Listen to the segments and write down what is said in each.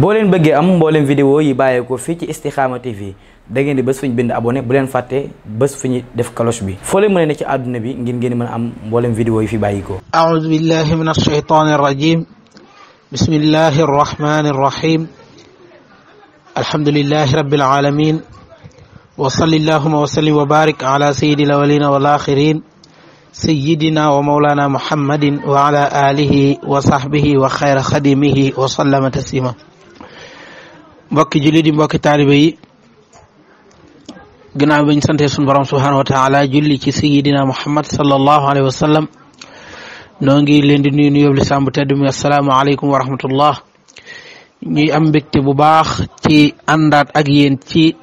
boo leen bëggee am mbooleem vidéo yi bàyyeekoo fii ci Istikhama TV da ngeen di bés fu ñu bind abonné bu leen fàtte bés fu def cloche bi foo leen mën ci àdduna bi ngir ngeen mën a am mbooleem vidéo yi fi bàyyikoo aoudu billahi min alsheytani arrajim bismillahi arrahmani arrahim alhamdulilahi rabbil alamin wa salli allahuma wa sallim wa barik ala sayidi al awalina wal axirin sayidina wa maulana muhammadin wa ala alihi wa xadimihi wa sallama mbokki jullit yi mbokki taalibe yi ginnaaw bañ sante suñu borom subhanahu wa taala julli ci sayidina muhammad sallallahu alayhi wa sallam noo ngi leen di nuyu nuyoo lislaam bu tedd mi asalaamaaleykum ñuy am mbégte bu baax ci àndaat ak yéen ci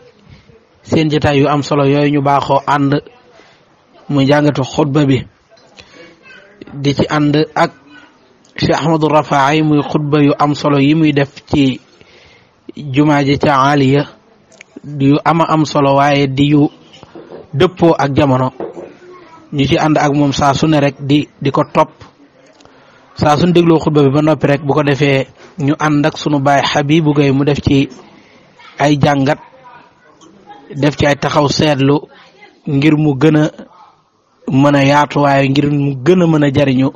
seen jotaay yu am solo yooyu ñu baaxoo ànd mu jàngatu xutba bi di ci ànd ak Cheikh Ahmadou yi muy xutba yu am solo yi muy def ci jumaa ji ca aliya yu ama am solo waaye di yu dëppoo ak jamono ñu ci ànd ak moom saa sune rek di di ko topp saa suñ dégloo xutba bi ba noppi rek bu ko defee ñu ànd ak sunu baay Habibou Gueye mu def ci ay jàngat def ci ay taxaw seetlu ngir mu gën a mën a yaatu waaye ngir mu gën a mën a jariñu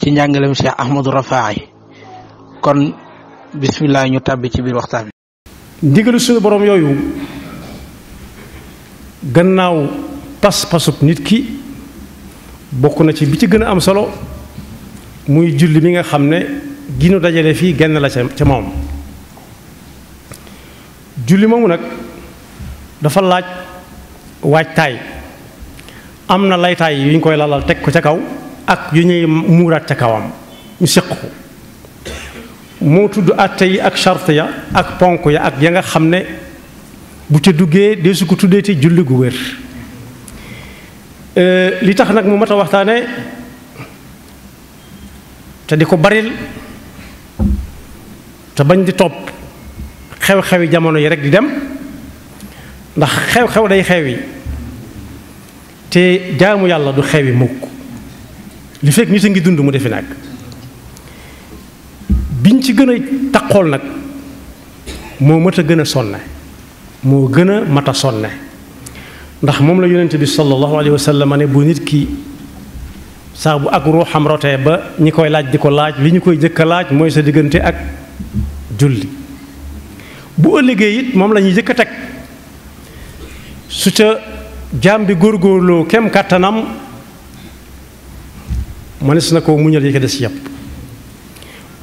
ci njàngalem Cheikh Ahmadou Rafahi kon bismillah ñu tàbbi ci biir waxtaan bi ndigalu suñu boroom yooyu gannaaw pas-pasub nit ki bokk na ci bi ci gën a am solo muy julli mi nga xam ne ginu dajale fii genn la ca ca moom julli moomu nag dafa laaj waajtaay am na laytaay yu ñu koy lalal teg ko ca kaw ak yu ñuy muuraat ca kawam ñu séq ko moo tudd àtte yi ak charte ya ak ponk ya ak ya nga xam ne bu ca duggee dee su ko tuddee te julli gu wér euh, li tax nag mu mat a waxtaane te di ko baril te bañ di topp xew-xewi jamono yi rek di dem ndax xew-xew day xew yi te jaamu yàlla du xew yi mukk li fekk nit a ngi dund mu defi nag biñ ci gën a taqool nag moo mat a gën a sonne moo gën a mata a sonne ndax moom la yonent bi sallallahu alayhi wa sallam ne bu nit ki saa bu ak ruuxam rotee ba ñi koy laaj di ko laaj li ñu koy jëkk a laaj mooy sa diggante ak julli bu ëllëgee it moom la ñuy jëkk a teg su ca jaam bi góorgóorloo kem kàttanam mënees na ko muñal yi ko des yépp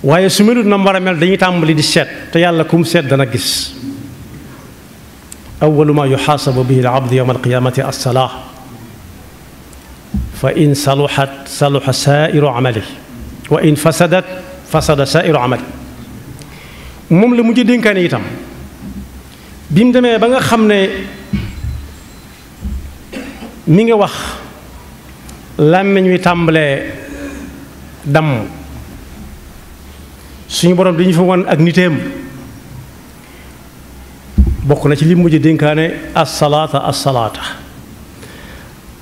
waaye su melut na war mel dañuy tàmbali di seet te yàlla kum seet dana gis awalu ma yuxaasabu bihi al abdu yowma alqiyaamati assalaa fa in saluxat saluxa saairu amali wa in fasadat fasada saairu amali moom la mujj dénkaane itam bi mu demee ba nga xam ne mi nga wax làmmiñ wi tàmbalee damm suñu borom dañu fa wan ak niteem bokk na ci li mujj dénkaane assalaata assalaata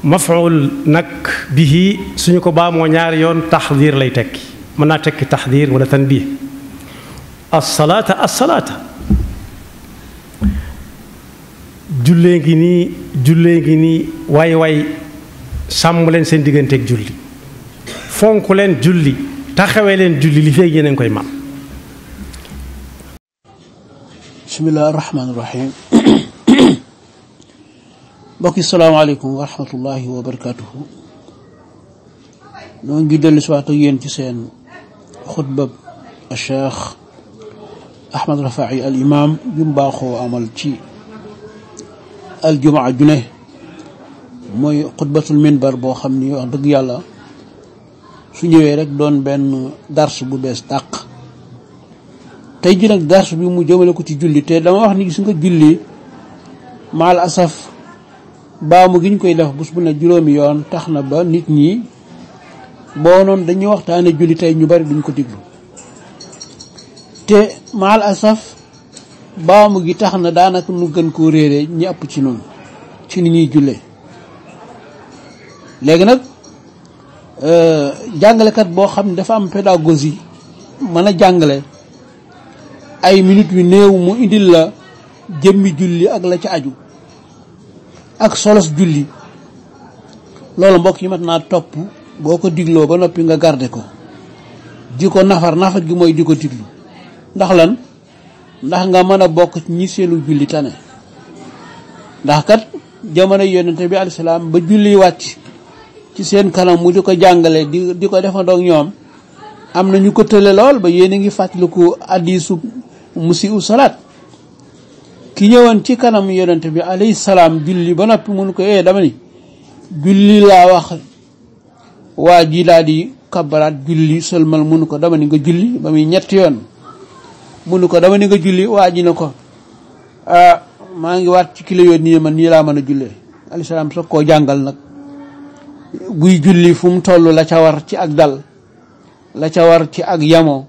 mafuul nag bihi suñu ko baamoo ñaari yoon taxdiir lay tekki mën naa tekki taxdiir wala tanbiih assalaata asalaata jullee ngi nii jullee ngi nii waay waay sàmm leen seen digganteeg julli fonk leen julli taxawee leen julli li feeg yéen a koy man bismillahi irrahmaani irrahim mbokk yi salaamaaleykum wa rahmatullahi wa barakatuhu noo ngi dellu si waat ak yéen seen xutbab cheikh ahmad rafai al imam jum baaxoo amal ci aljumaa ju ne mooy xutbatul minbar boo xam ni wax dëgg yàlla su ñëwee rek doon benn dars bu bees tàq tey ji nag dars bi mu jëmale ko ci julli te dama wax ni gis nga julli maal asaf baamu gi ñu koy def bés bu ne juróomi yoon tax na ba nit ñi boo noonu dañuy waxtaane julli tey ñu bari duñ ko diglu te maal asaf baamu gi tax na daanaka nu gën koo réere ñi ëpp ci noonu ci ni ñuy julle léegi nag euh, jàngalekat boo xam ne dafa am pédagogie mën a jàngale ay minutes yu néew mu indil la jëmmi julli ak la ci aju ak solos julli loolu mbokk yi mat naa topp boo ko digloo ba noppi nga garde ko di ko nafar nafar gi mooy di ko diglu ndax lan ndax nga mën a bokk ñi seenu julli tane ndax kat jamono yonente bi alayhi salaam ba julli wàcc ci seen kanam mu di ko jàngale di di ko defandoo ak ñoom am na ñu ko tële lool ba yéen a ngi fàttaliku hadiisu musiu salaat ki ñëwoon ci kanam yonent bi alayhi salaam julli ba noppi mun ko ee eh, dama ni julli laa wax waa ji laa di kabaraat julli sëlmal munu ko dama ni nga julli ba ñetti yoon munu ko dama ni julli waa ji na ko ah maa ngi waat ci kilo yoon nii man nii laa mën a jullee alayhi salaam soog koo jàngal nag guy julli fu mu toll la ca war ci ak dal la ca war ci ak yamoo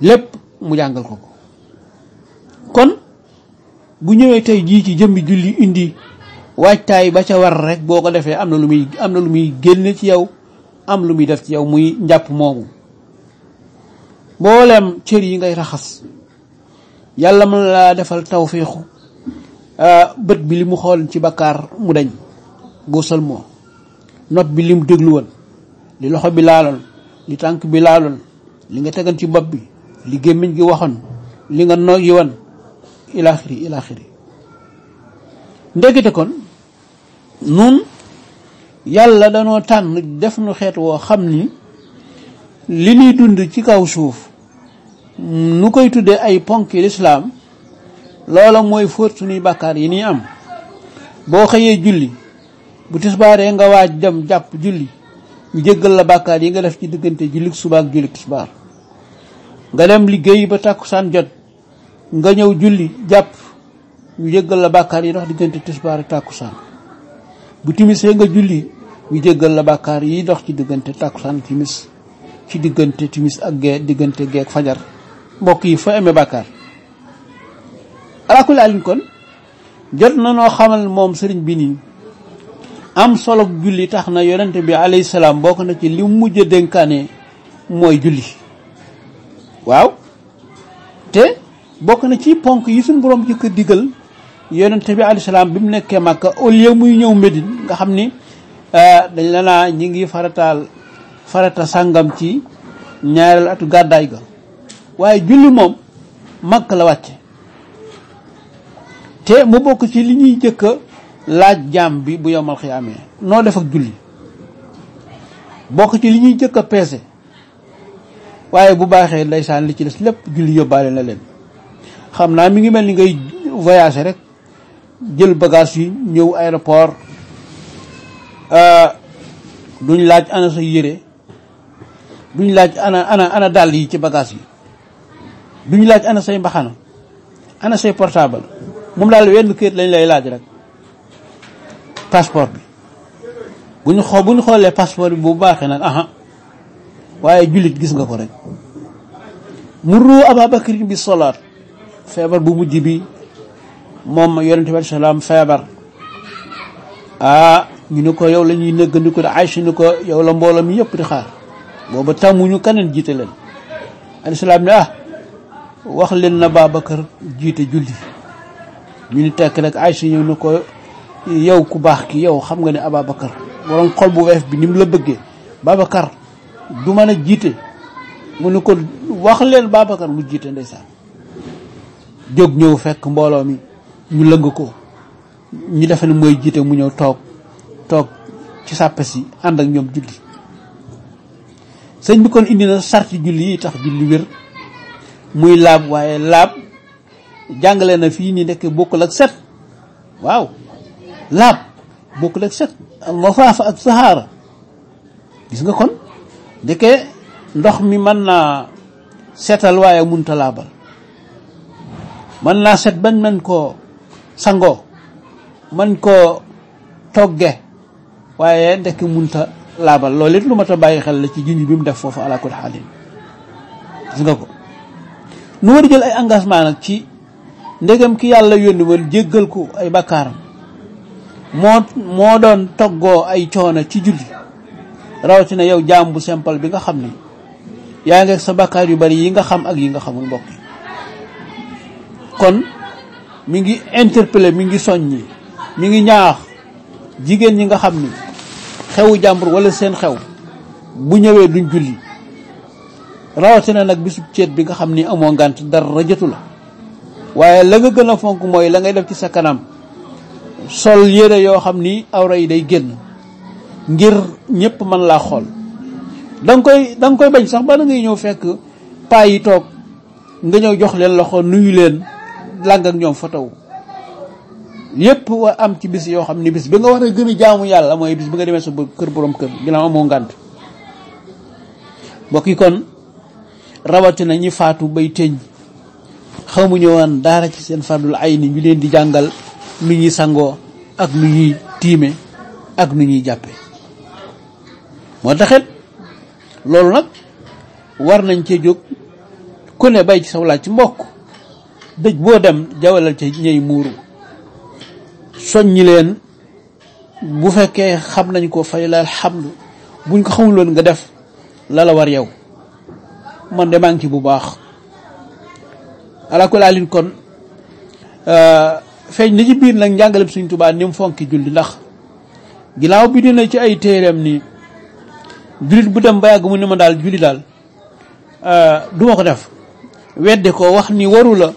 lépp mu jàngal ko kon bu ñëwee tey jii ci jëmbi julli indi waajtaay ba ca war rek boo ko defee am na lu muy am na lu muy génne ci yow am lu muy def ci yow muy njàpp moomu mboolem cër yi ngay raxas yàlla mën laa defal tawféexu ah, bët bi li mu xool ci bakkaar mu dañ góosal moo nopp bi li mu déglu woon li loxo bi laaloon li tànk bi laaloon li nga tegal ci bopp bi li gémmiñ gi waxoon li nga noy yi wan ilaaxiri ilaaxiri ndekete kon nun yàlla danoo tànn def nu xeet woo xam ni li ñuy dund ci kaw suuf nu koy tuddee ay ponki lislaam loola mooy fóot suñuy bàkkaar yi nii am boo xëyee julli bu tisbaaree nga waa jam jàpp julli ñu jéggal la bàkkaar yi nga def ci diggante jullik subaak ak jullik tisbaar nga dem liggéey ba tàkkusaan jot nga ñëw julli jàpp ñu jéggal la bàkkaar yi ndox diggante tisbaar ak tàkkusaan bu timisee nga julli ñu jéggal la bàkkaar yi dox ci diggante tàkkusaan timis ci diggante timis ak gee diggante gee fajar mbokk yi fa amee bàkkaar alaakulli alin kon jot na noo xamal moom sëriñ bi nii am solo julli tax na yonente bi alayhi salaam bokk na ci li mujj dénkaane mooy julli te bokk na ci ponk yi suñ borom jëkk digal yonent bi alayhi salaam bi mu nekkee Màkka au lieu muy ñëw Médine nga xam ni euh, dañ la naa ñi ngi farataal farata sàngam ci ñaareel atu gàddaay ga waaye julli moom Màkka la wàcce te mu bokk ci li ñuy jëkk laaj jaam bi bu yowmal xiyaamee noo def ak julli bokk ci li ñuy jëkk a peese waaye bu baaxee ndeysaan li ci des lépp julli yóbbaale na leen xam naa mi ngi mel ni ngay voyager rek jël bagaas yi ñëw aéroport euh, duñ laaj ana sa yére duñ laaj ana ana ana dàll yi ci bagage yi duñ laaj ana say mbaxana ana say portable moom daal wenn kayit lañ lay laaj rek passeport bi bu ñu xoo bu ñu xoolee passeport bi bu baaxee nag waaye jullit gis nga ko rek murru ababakrin bi solaat feebar bu mujj bi moom yonente bi alayhi salaam feebar ah ñu ni ko yow lañuy ñuy nëgg ni ko yow la mbooloo mi yëpp di xaar booba tàmmuñu keneen jiite leen alayhi salaam ah, wax leen na Babacar jiite julli ñu ni tekk rek Aïcha ñëw ni yow ku baax ki yow xam nga ne Ababacar borom xol bu weef bi ni la bëggee Babacar du mën a jiite mu ni ko wax leen Babacar mu jiite ndeysaan jóg ñëw fekk mbooloo mi ñu lëng ko ñu defe ne mooy jiite mu ñëw toog toog ci sàppe si ànd ak ñoom julli sëñ bi kon indi na sarti julli yi tax julli wér muy laab waaye laab jàngale na fii ni nekk bokkul ak set waaw laab bokkul ak set al lafaafa ak saxaara gis nga kon ndeke ndox mi mën naa seetal waaye munta laabal mën naa set bañ mën koo sangoo mën koo togge waaye ndekk munta laabal loolu lu mat a bàyyi xel la ci junj bi mu def foofu ala kulli xaalin gis nga ko nu war a jël ay engagement nag ci ndegam ki yàlla yónni woon jéggal ko ay bakkaaram moo moo doon toggoo ay coono ci julli rawatina yow jaam bu bi nga xam ni yaa ngi ak sa bàkkaar yu bari yi nga xam ak yi nga xamul mbokk kon mi ngi interpeller mi ngi yi mi ngi ñaax jigéen ñi nga xam ni xewu jàmbur wala seen xew bu ñëwee duñ julli rawatina nag bisub ceet bi nga xam ni amoo ngànt dara jotu la waaye la nga gën a fonk mooy la ngay def ci sa kanam sol yére yoo xam ni awra yi day génn ngir ñëpp mën laa xool da koy danga koy bañ sax ba da ngay ñëw fekk paa yi toog nga ñëw jox leen loxo nuyu leen làng ak ñoom fotow yëpp wa am ci bis yoo xam ne bis bi nga war a gën a jaamu yàlla mooy bis bi nga demee sa kër borom kër ginnaaw amoo ngànt mbokk yi kon rawatina ñi faatu bay teñ xamuñu woon daara ci seen fardul ay ni ñu leen di jàngal nu ñuy sangoo ak nu ñuy tiime ak nu ñuy jàppe moo taxit loolu nag war nañ cee jóg ku ne bay ci saw laaj ci mbokk dëj boo dem jawalal ci ñey muuru soññi leen bu fekkee xam nañ ko fay la alhamdu buñ ko xamuloon nga def la la war yow man de maa ngi ci bu baax alakulaalin kon euh, feeñ na ci biir nag njàngalem suñ tubaa ni mu fonki julli ndax ginnaaw bi dina ci ay téereem nii jullit bu dem ba yàgg mu ne ma daal julli daal euh, duma ko def wedde ko wax ni waru la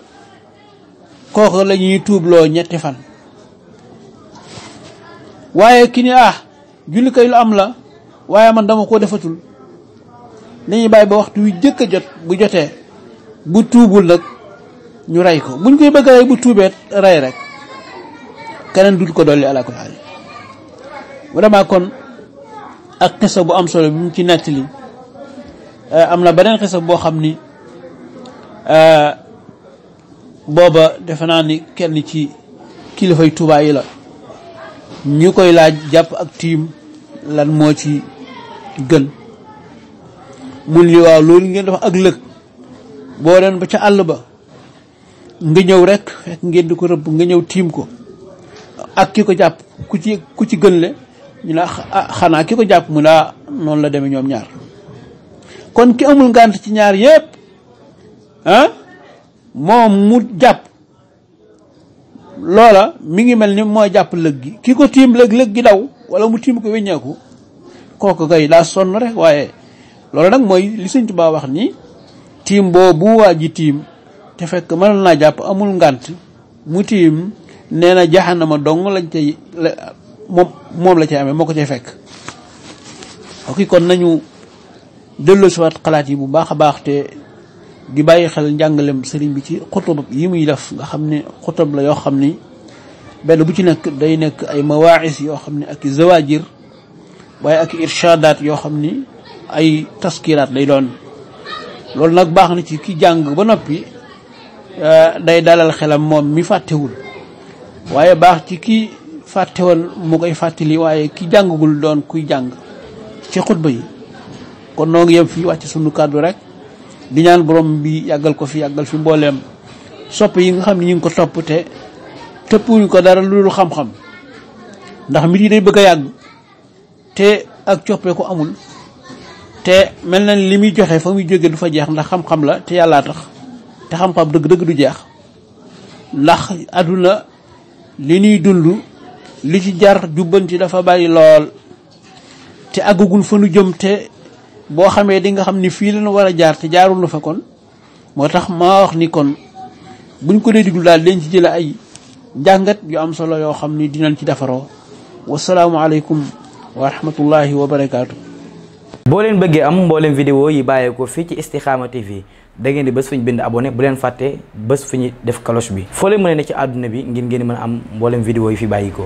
kooku la tuubloo ñetti fan waaye ki ni ah julli kay lu am la waaye man dama ko defatul dañuy bàyyi ba waxtu wi jëkk a jot bu jotee bu tuubul nag ñu rey ko buñ koy bëgg a rey bu tuubeet rey rek keneen dul ko dolli alaa kulli haal vraiment kon ak xisa bu am solo bi mu ci nettali euh, am na beneen xisa boo xam ni euh, booba defe naa ni kenn ci kilifay Tuubaa yi la ñu koy laaj jàpp ak tiim lan moo ci gën mun li waaw loolu ngeen dafa ak lëg boo doon ba ca àll ba nga ñëw rek fekk ngeen di ko rëbb nga ñëw tiim ko ak ki ko jàpp ku ci ku ci gën le ñu ne ah xanaa ki ko jàpp mu naa noonu la demee ñoom ñaar kon ki amul ngànt ci ñaar yépp ah moom mu jàpp loola mi ngi mel ni mooy jàpp lëg gi ki ko tiim lëg lëg gi daw wala mu tiim ko weñeeku kooku kay daa sonn rek waaye loolu nag mooy li Sëñ Tuubaa wax ni tiim boobu waa ji tiim te fekk mën naa jàpp amul ngant mu tiim nee na jaxanama dong lañ cay moom moom la cay amee moo ko cay fekk ok kon nañu delloosiwaat xalaat yi bu baax a baax te gi bàyyi xel njàngalem sëriñ bi ci xutub yi muy def nga xam ne xutub la yoo xam ni benn bu ci nekk day nekk ay mawaayis yoo xam ne ak i zawajir waaye ak irshaadaat yoo xam ni ay taskiraat lay doon loolu nag baax na ci ki jàng ba noppi eh, day dalal xelam moom mi fàttewul waaye baax ci ki fàtte woon mu koy fàttali waaye ki jàngagul doon kuy jàng ci xutba yi kon noo ngi yem fii wàcc sunu kàddu rek di ñaan borom bi yàggal ko fi yàggal fi mbooleem sopp yi nga xam ne ñu ngi ko topp te tëppuñu ko dara lu dul xam-xam ndax mbir yi day bëgg yàgg te ak coppeeku amul te mel na li muy joxe fa muy jóge du fa jeex ndax xam-xam la te yàlla tax te xam-xam dëgg-dëgg du jeex ndax àdduna li ñuy dund li ci jar jubbanti dafa bari lool te àggagul fa nu jëm te boo xamee di nga xam ni fii lañu war a jaar te jaarul na fa kon moo tax ma wax ni kon buñ ko dee diglu daal dañ ci jële ay njàngat yu am solo yoo xam ni dinañ ci defaroo wasalaamualeykum wa rahmatullahi wa barakaatu. boo leen bëggee am mboolem vidéo yi bàyyeekoo fii ci Istikhama TV da ngeen di bés fu bind abonné bu leen fàtte bés fu ñu def cloche bi foo leen mën ne ci àdduna bi ngir ngeen am mboolem vidéo yi fi bàyyikoo